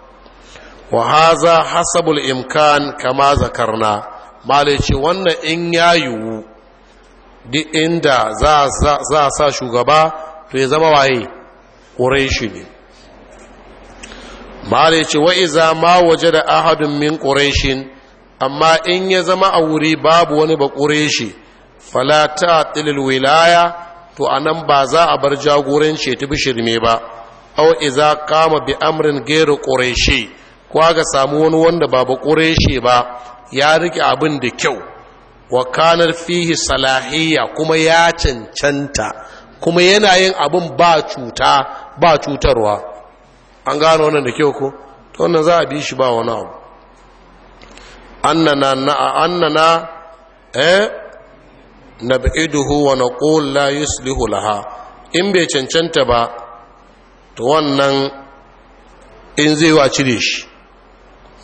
wahaza haza hasabul imkan kama zakarna na. ce wannan in ya yiwu duk inda za a sa shugaba to ya zama waye ƙureshi ne mala wa iza ma waje da ahadun min ƙureshin amma in ya zama a wuri babu wani ba ƙureshi falata tilil wilaya to a nan ba za a bar jagoranci ta bishirme ba au iza kama bi amrin gairu ƙureshi ko ga samu wani wanda ba shi ba ya rike abin da kyau wa kanar fihi salahiyya kuma ya cancanta kuma yana yin abin ba cuta ba cutarwa an gano wannan da kyau ko to wannan za a bi shi ba wani abu annana na annana eh nab'iduhu wa naqul la yuslihu laha in bai cancanta ba to wannan in zai wa cire shi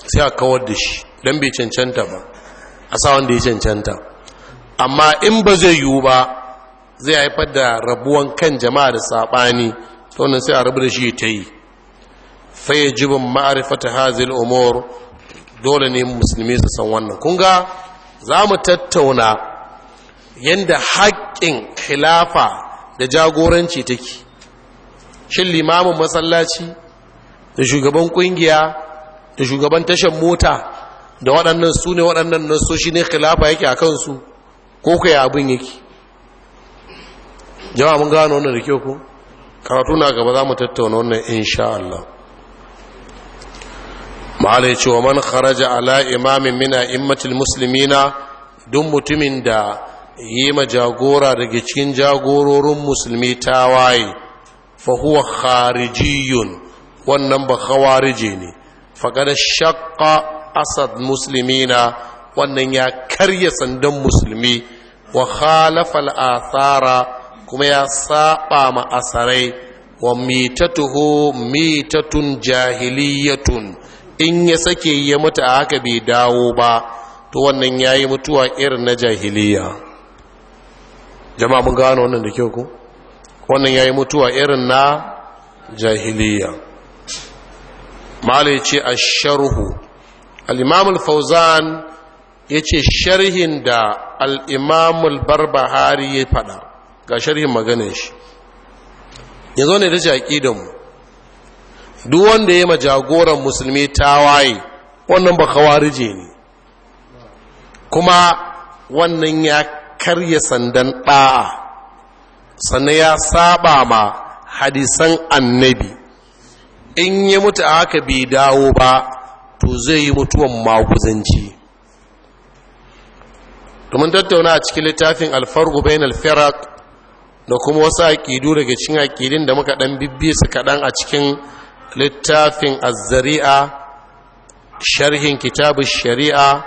sai a kawar da shi don bai cancanta ba a sa wanda ya cancanta amma in ba zai yiwu ba zai haifar da rabuwan kan jama'a da saɓani ta wannan sai a rabu da shi ta yi faye jibin ma'arifata hazil umar dole ne musulmi su san wannan kunga za mu tattauna yadda haƙƙin khilafa da jagoranci take shin limamin masallaci da shugaban ƙungiya da shugaban tashar mota da waɗannan su ne waɗannan nasoshi ne khilafa yake a kansu ko kai abin yake jama'a mun gano wannan da kyau ko karatu na gaba za mu tattauna wannan insha Allah ma'ala cewa man kharaja ala imamin mina immatul muslimina duk mutumin da yi ma jagora daga cikin jagororin musulmi tawaye fa huwa kharijiyun wannan ba khawarije ne da shakka asad musulmina wannan ya karya sandan musulmi wa khalafal athara kuma ya saba ma asarai wa mitatuhu mitatun jahiliyatun in ya sake ya mutu a haka bai dawo ba to wannan ya yi mutuwa irin na jahiliya jama'a mun gano wannan da kyau ku, wannan ya yi mutuwa irin na jahiliya malai ce a sharhu al'imamul fauzan ya ce sharhin da al'imamul barbahari ya faɗa ga sharhin maganin shi ya zo ne da mu. duk wanda ya ma jagoran musulmi ta waye. wannan ba kawarije ne kuma wannan ya karya sandan ɗa'a sannan ya saba ma hadisan annabi in ya mutu a haka bai dawo ba to zai yi mutuwan maguzanci domin tattauna a cikin littafin alfargu bayan alfarak da kuma wasu aƙidu daga cikin aƙidin da muka ɗan bibbi su kaɗan a cikin littafin azzari'a sharhin kitabun shari'a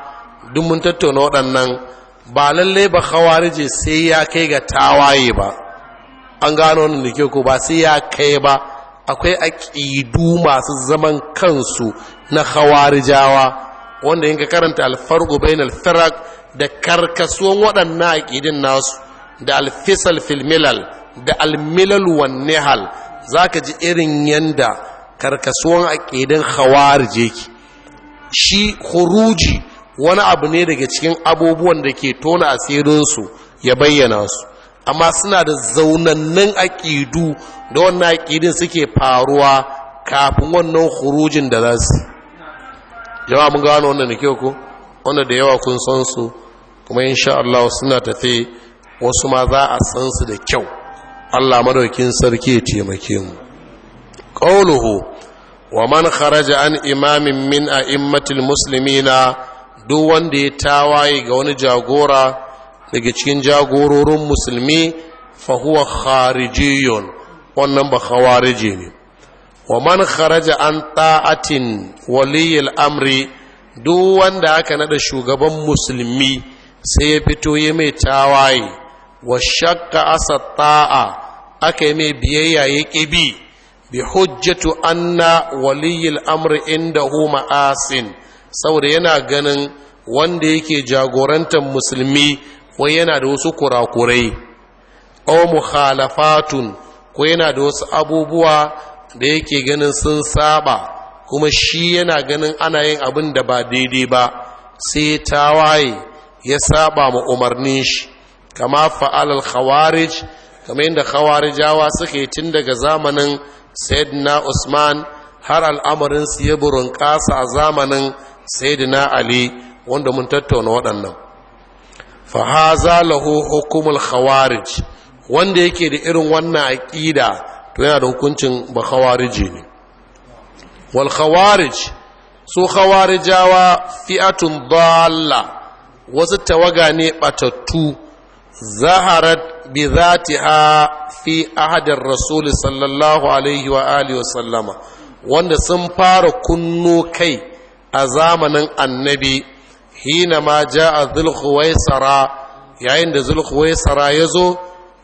duk mun tattauna waɗannan ba lalle ba khawarije sai ya kai ga tawaye ba an gano wannan da ke ko ba sai ya kai ba akwai aƙidu masu zaman kansu na hawarijawa wanda yin karanta alfargo bayan alfirak da karkasuwan waɗannan aƙidin nasu da alfisal filmilal da almilal wannehal. za ka ji irin yanda karkasuwan aƙidin hawarije ki shi huruji wani abu ne daga cikin abubuwan da ke tona asirinsu ya bayyana su amma suna da zaunannin aƙidu da wannan aƙidin suke faruwa kafin wannan hurujin da za su jama'a mun gano wannan da kyau ku wanda da yawa kun san su kuma insha Allah suna tafe wasu ma za a san su da kyau Allah madaukin sarki ya taimake mu qauluhu wa man kharaja an imamin min a'immatil muslimina duk wanda ya tawaye ga wani jagora daga cikin jagororin musulmi fahuwa kharijiyun wannan ba khawarije ne wa man kharaja an ta'atin waliyil amri duk wanda aka nada shugaban musulmi sai ya fito ya mai tawaye wa shakka asa ta'a aka yi mai biyayya ya ƙibi bi hujjatu anna waliyil amri hu ma'asin saboda yana ganin wanda yake jagorantar musulmi Ko yana da wasu kurakurai au mukhalafatun ko yana da wasu abubuwa da yake ganin sun saba kuma shi yana ganin ana yin abin da ba daidai ba sai tawaye ya saba ma umarnin shi kama fa'alal khawarij kama yadda khawarijawa suke tun daga zamanin sayyidina usman har al'amarin su ya burin kasa a zamanin sayyidina ali wanda mun tattauna waɗannan fa haza lahu hukumul khawarij wanda yake da irin wannan aqida to yana da hukuncin ba khawariji ne wal khawarij su khawarijawa fi'atun dalla wasu tawaga ne batattu zaharat bi zatiha fi ahadin rasul sallallahu alaihi wa alihi wanda sun fara kunno kai a zamanin annabi hina ma ja'a dhulkhuwaisara yayin da dhulkhuwaisara yazo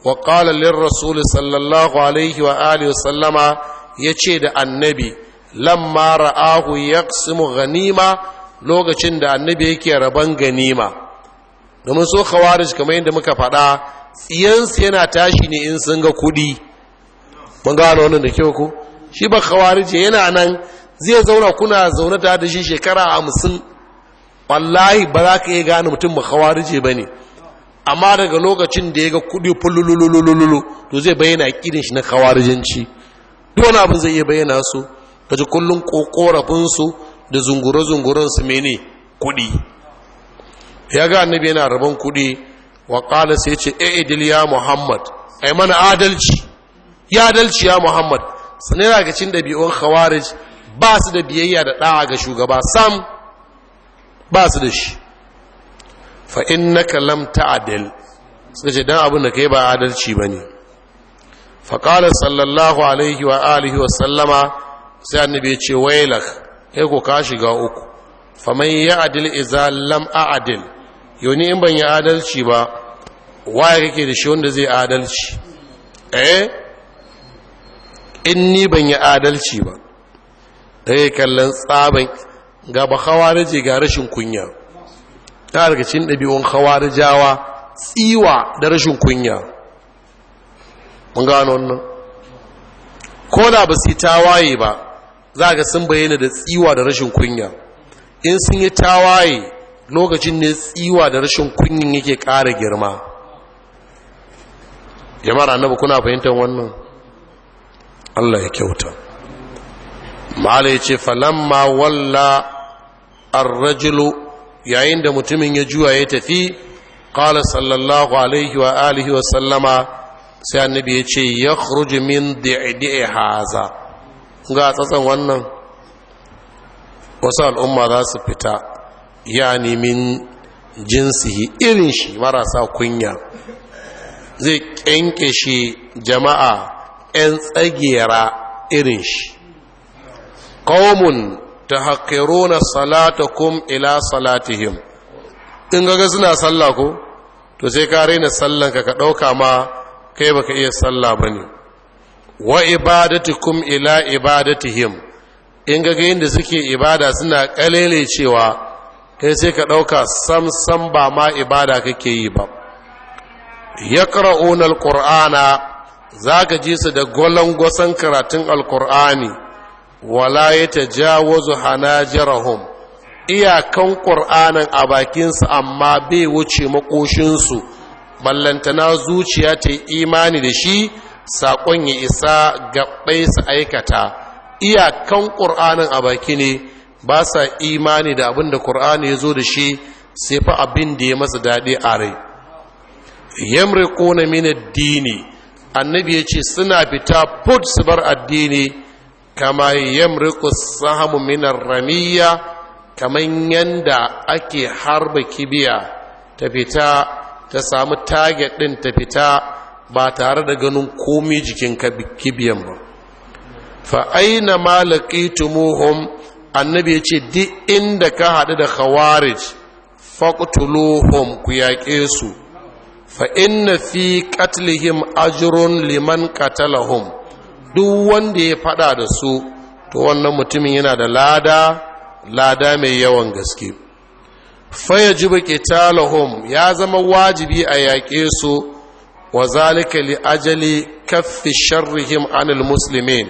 wa qala lir rasul sallallahu alaihi wa alihi wa sallama yace da annabi lamma ra'ahu yaqsimu ghanima lokacin da annabi yake rabon ganima domin so khawarij kamar yadda muka faɗa tsiyansu yana tashi ne in sun ga kuɗi mun gano wannan da kyau ko shi ba khawarij yana nan zai zauna kuna zaunata da shi shekara hamsin wallahi ba za ka iya gane mutum ba kawarije ba ne amma daga lokacin da ya ga kudi fulululululu to zai bayyana kirin shi na khawarijanci duk wani abin zai iya bayyana su ka ji kullum su da zungure zunguren su mene kudi ya ga annabi yana rabon kudi wa qala sai ce e idil ya muhammad ai mana adalci ya adalci ya muhammad sanai daga cin dabi'un khawarij ba su da biyayya da da'a ga shugaba sam ba su da shi fa kalam ta adal suka ce don abin da ka yi ba adalci ne. fa qala sallallahu alaihi wa alihi wa sallama sai annabi ce wailak ya ko ka shiga uku faman ya'dil idza lam a'dil ni in ban yi adalci ba waye kake da shi wanda zai adalci eh in ni ban yi adalci ba dai kallon tsabin ga ba khawarije ga rashin kunya ta daga cikin ɗabi'un khawarijawa tsiwa da rashin kunya mun gano wannan ko da ba su tawaye ba za ga sun bayyana da tsiwa da rashin kunya in sun yi tawaye lokacin ne tsiwa da rashin kunyin yake ƙara girma jama'ar annabi kuna fahimtar wannan Allah ya kyauta malai ce ma walla arrajulu yayin da mutumin ya juwa ya tafi ƙala sallallahu alaihi wa alihi wa sallama sai annabi ya ce yakhruju min a haza ga tsatsan wannan wasu al'umma za su fita ya min jinsihi irin shi marasa kunya zai kyanke shi jama'a 'yan tsagera irin shi qaumun tahqiruna salatakum ila salatihim in ga suna salla ko to sai ka raina sallanka ka dauka ma kai baka iya salla bane wa ibadatukum ila ibadatihim in ga inda suke ibada suna kalele cewa kai sai ka dauka sam sam ba ma ibada kake yi ba yaqra'una alqur'ana zaka ji su da gosan karatun alqur'ani wala ya tajawazu hanajarahum iyakan ƙur'anin a bakinsu amma bai wuce makoshinsu ballantana zuciya ta imani da shi saƙon ya isa gaɓai su aikata iyakan ƙur'anin a baki ne ba sa imani da abin da ƙur'ani ya zo da shi sai fa abin da ya masa daɗi a rai yamri ƙona mini dini annabi ya ce suna fita fud su bar addini kama yamriku sahamu minar ramiya kaman yanda ake harba kibiya ta fita ta samu target din ta fita ba tare da ganin komai jikin kibiyan ba fa aina ma annabi yace duk inda ka hadu da khawarij faqtuluhum ku yaƙe su fa inna fi qatlihim ajrun liman qatalahum duk wanda ya fada da su to wannan mutumin yana da lada lada mai yawan gaske faya jiba qitalahum ya zama wajibi a yaƙe su wa zalika li ajali kaffi sharrihim anil muslimin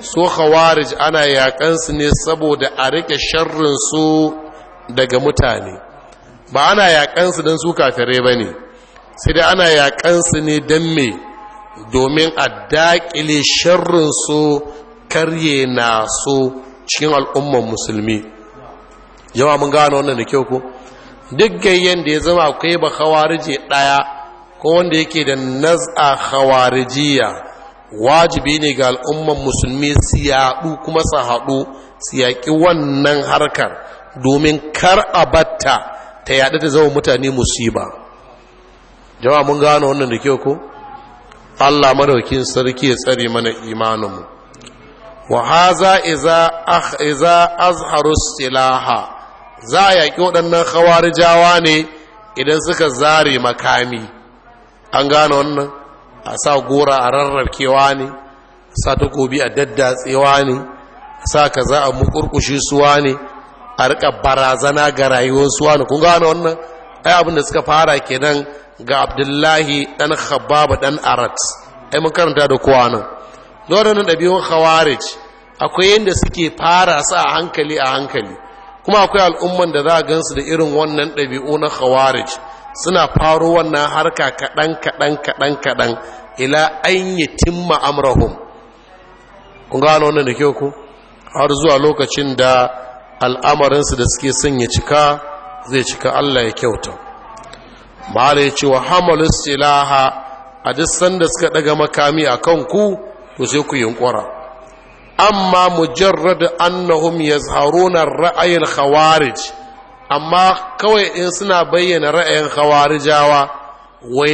so khawarij ana yaƙan su ne saboda a rike sharrin su daga mutane ba ana yaƙan su don su kafirai bane sai dai ana yaƙan su ne don me domin a daƙile su karye na su cikin al'umman musulmi yawa mun gano wannan da kyau ko duk gayyen da ya zama akwai ba khawarije ɗaya ko wanda yake da naz'a khawarijiya wajibi ne ga al'ummar musulmi su yaɗu kuma su haɗu su yaƙi wannan harkar domin kar a batta ta yaɗa ta zama mutane musiba jama mun gano wannan da kyau ko Allah madaukin sarki ya tsare mana imaninmu wa haza iza iza azharu silaha za a yaƙi waɗannan khawarijawa ne idan suka zare makami an gane wannan a sa gora a rarrabkewa ne a sa takobi a daddatsewa ne a sa ka za a mukurkushe suwa ne a riƙa barazana ga rayuwar suwa ne kun gane wannan ai abin da suka fara kenan ga abdullahi dan khabbab dan arat ai mun karanta da kowa nan waɗannan ɗabi'un khawarij akwai yanda suke fara sa a hankali a hankali kuma akwai al'umman da za a gansu da irin wannan ɗabi'u na khawarij suna faro wannan harka kaɗan kaɗan kaɗan kaɗan ila an yi timma amrahum kun gano wannan da kyau ku har zuwa lokacin da al'amarinsu da suke son cika zai cika Allah ya kyauta mala ya ce wa silaha a duk sanda suka daga makami a kan ku to sai ku yunkura amma mujarrad annahum yazharuna ra'ayin khawarij amma kawai in suna bayyana ra'ayin khawarijawa wa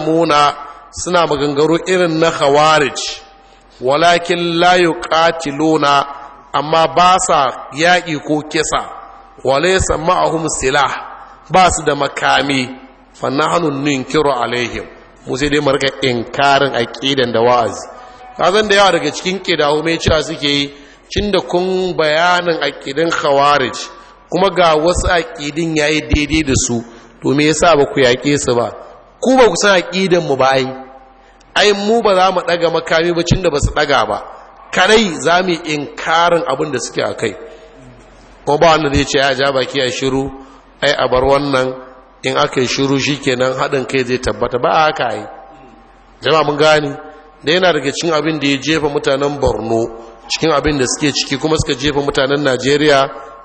muna suna magangaro irin na khawarij walakin la yuqatiluna amma ba sa yaƙi ko kisa walaysa ma'ahum silah ba su da makami fa nahnu ninkiru alaihim mu sai dai marka inkarin aqidan da wa'azi kazan da yawa daga cikin kidahu mai cewa suke yi cin da kun bayanin ƙidan khawarij kuma ga wasu aqidin yayi daidai da su to me yasa ba ku yaƙe su ba ku ba ku san aqidan mu ba ai ai mu ba za mu daga makami ba cin da ba su daga ba kadai za mu inkarin abin da suke a kai ko ba wanda zai ce ya ja baki a shiru ai a bar wannan in aka yi shiru shi nan haɗin kai zai tabbata ba haka yi jama mun gani da yana daga cikin abin da ya jefa mutanen borno cikin abin da suke ciki kuma suka jefa mutanen najeriya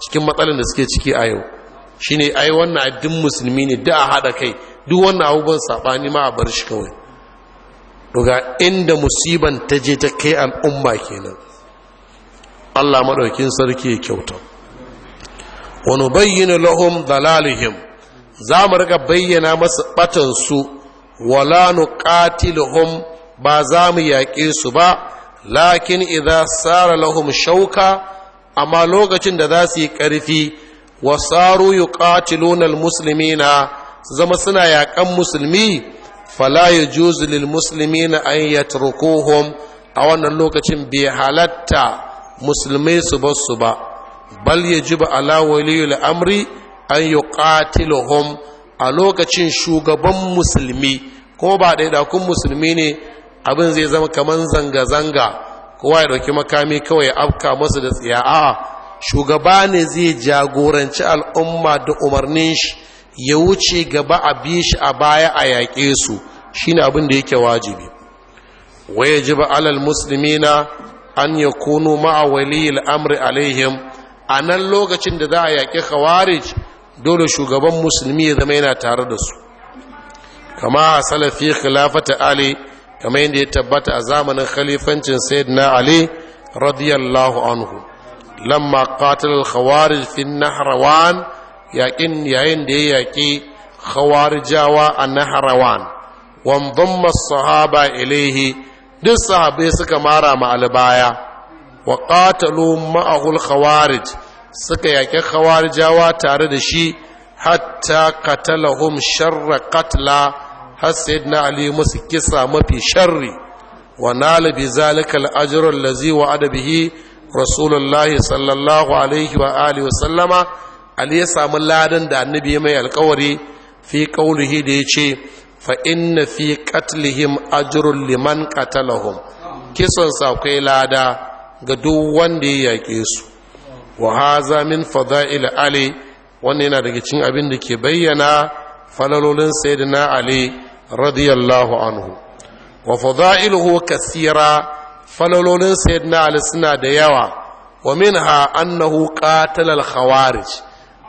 cikin matsalin da suke ciki a yau Shi ne ai wannan addin musulmi ne da a haɗa kai duk wannan abubuwan saɓani ma a bar shi kawai daga inda musiban ta je ta kai al'umma kenan allah maɗaukin sarki ya kyauta wa nubayyinu lahum dalalihim za mu riga bayyana masu batansu wala nuqatiluhum ba za mu yaƙe su ba lakin idza sara lahum shauka amma lokacin da za su yi ƙarfi wa saru yuqatiluna almuslimina zama suna yaƙan musulmi fala ya yajuzu lilmuslimina an yatrukuhum a wannan lokacin bai halarta musulmai su bar ba bal yajibu ala waliyul amri an yuqatiluhum a lokacin shugaban musulmi ko ba ɗaiɗakun musulmi ne abin zai zama kaman zanga-zanga kowa ya ɗauki makami kawai ya afka masa da tsiya a shugaba ne zai jagoranci al'umma da umarnin shi ya wuce gaba a bi shi a baya a yaƙe su shine abin da yake wajibi waya alal musulmi an ya kunu ma'a waliyil amri alaihim a nan lokacin da za a yaƙi khawarij dole shugaban musulmi ya zama yana tare da su kama a salafi khilafata ali kama yadda ya tabbata a zamanin khalifancin sayyidina ali radiyallahu anhu lamma qatal al-khawarij fi nahrawan yaƙin yayin da ya yaƙi khawarijawa a nahrawan wan dhamma sahaba ilaihi duk sahabai suka mara ma albaya wa qatalu ma'ahul khawarij suka yaƙi khawarijawa tare da shi hatta qatalahum sharra qatla har sayyidina ali musu kisa mafi sharri wa nala bi zalika al allazi Adabihi. rasulullahi sallallahu alaihi wa alihi wa sallama ali ya samu ladan da annabi mai alkawari fi qaulihi da yace fa inna fi qatlihim ajrun liman qatalahum kisan akwai lada ga duk wanda ya yaƙe su wa haza min fada'il ali wannan yana daga cikin abin da ke bayyana falalolin sayyidina ali radiyallahu anhu wa fada'iluhu kathira falalolin sayyidina ali suna da yawa wa minha annahu qatala al-khawarij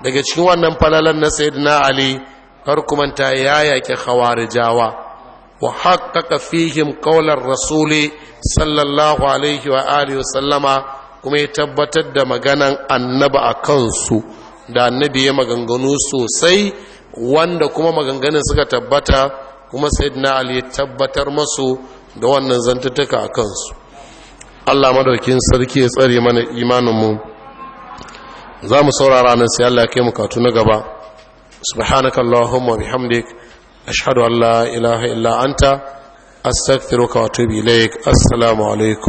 daga cikin wannan falalan na sayyidina ali har kuma ta ya yaƙi khawarijawa wa haqqaqa fihim qawlar rasuli sallallahu alaihi wa alihi wa kuma ya tabbatar da maganan annabi a kansu da annabi ya maganganu sosai wanda kuma maganganun suka tabbata kuma sayyidina ali ya tabbatar masu da wannan zantattuka a kansu Allah madaukin sarki ya tsare mana imaninmu za mu saurara nan sai Allah ya kai mu katu na gaba subhanakallahumma bihamdika ashhadu an la ilaha illa anta astaghfiruka wa atubu ilaik assalamu alaikum